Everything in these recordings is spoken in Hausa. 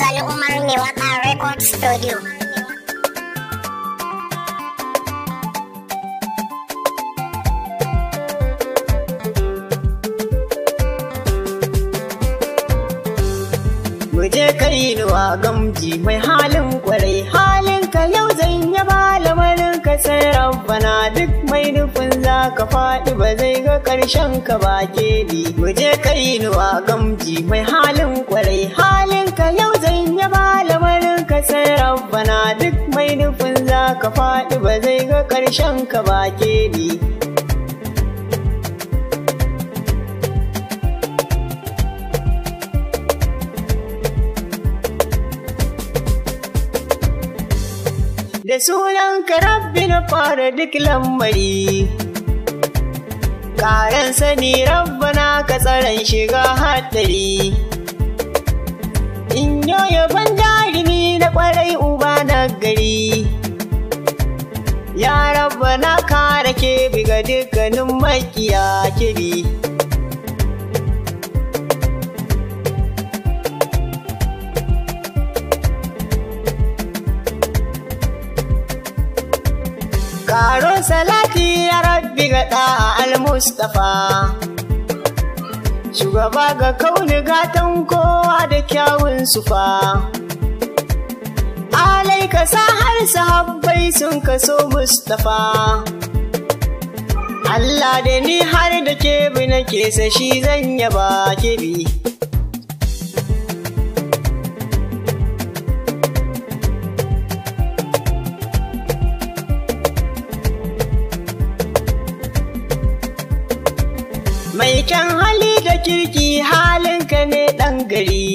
Sani Umar mai Record Studio. Muje nuwa gamji mai halin kwarai halinka yau zan yi malamarin ka rabbana duk mai nufin za ka faɗi ba zai ga ƙarshen ka ba ke bi. Muje nuwa gamji mai halin kwarai halinka yau ya lamarin ka sai rabbana duk mai nufin za ka faɗi ba zai ga ƙarshen ka ba ni. Da sunan ka rabbi na fara duk lamari. Karen sani rabbana ka tsaron shiga haɗi. Ya rabba na kare ke ga dukkanin makiya kebi. Karo salati ya rabbi ga a al-Mustapha. Shugaba ga kauni gatan kowa da kyawun sufa. ka sa har sahabbai sun kaso Mustapha. Allah da ni har da ke bi na kesa shi zan yaba ke bi. Mai kyan hali da kirki halinka ne ɗan gari.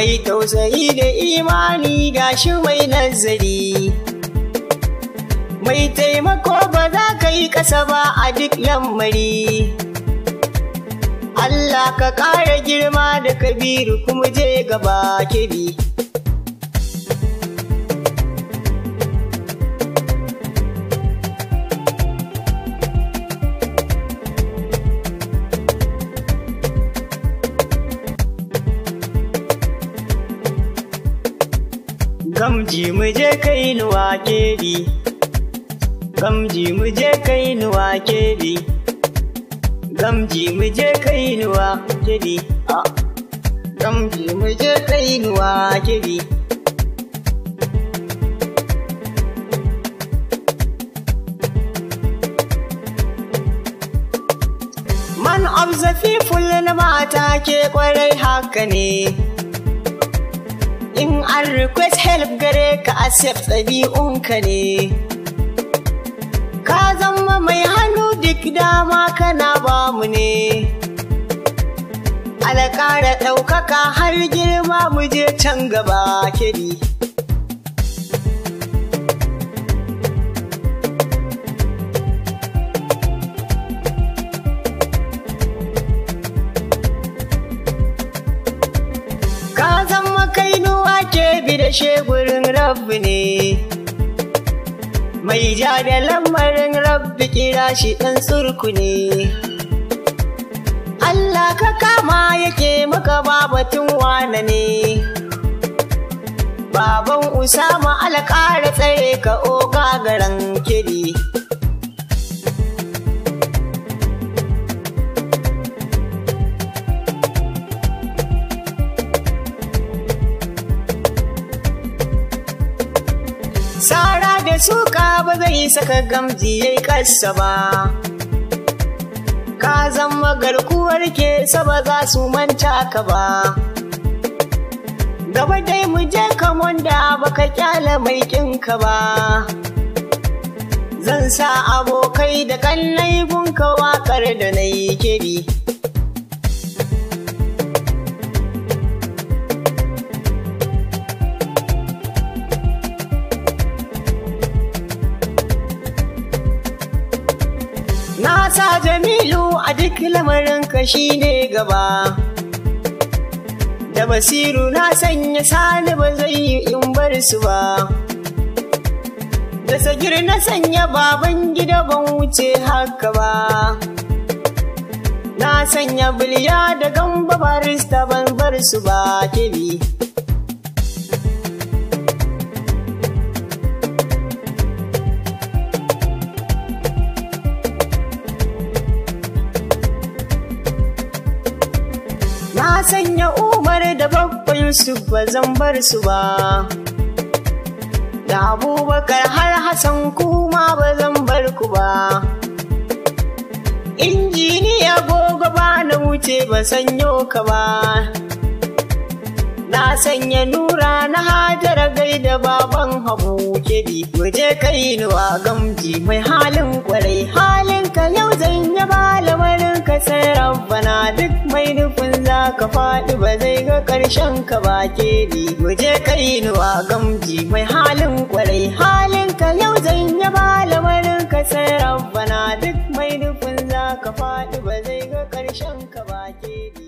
mai tausayi da imani gashi mai nazari mai taimako ba za ka yi ƙasa ba a duk lamari Allah ka ƙara girma da kabiru kuma je gaba kebi. kamji mu je kai nuwa kebi kamji mu je kai nuwa kebi kamji mu je kai nuwa kebi a gamji mu je kai nuwa kebi Man of the people na mata ke kwarai haka ne in an request help gare ka accept ɗabi'unka ne ka zama mai hannu duk dama kana bamu ne alƙara ɗaukaka har girma mu je can gaba kiri tafi da shegurin rabbi ne mai ja da lamarin rabbi kira shi ɗan surku ne Allah ka kama yake maka babatun wane ne baban usama alƙara tsare ka oga garan kiri Sara da suka ba zai saka gamji yayi kassa ba. Ka zama garkuwar ke saba za su manta ka ba. Gaba dai mu je kamar da baka kyala mai kinka ba. Zan sa abokai da kallai bunka wakar da na yi kiri. sa Jamilu a duk lamarin kashi ne gaba. Da basiru na sanya sani ba zai yi in bar su ba. Da sagir na sanya baban gida ban wuce haka ba. Na sanya bilya da gamba barista ban bar su ba kebi. sanya Umar da Babba Yusuf ba zan bar su ba. Da Abubakar har hasan kuma ba zan bar ku ba. Injiniya gogo ba na wuce ba sanyo ka ba. Na sanya nura na hajara da baban habu bi waje kai nuwa gamji mai halin kwarai halin ka yau zan yi lamarin ka sai rabbana duk mai nufin za ka faɗi ba zai ga ƙarshen ka ba ke mu je kai nuwa gamji mai halin kwarai halin ka yau zan yi ba lamarin ka sai rabbana duk mai nufin za ka faɗi ba zai ga ƙarshen ka ba keɓi.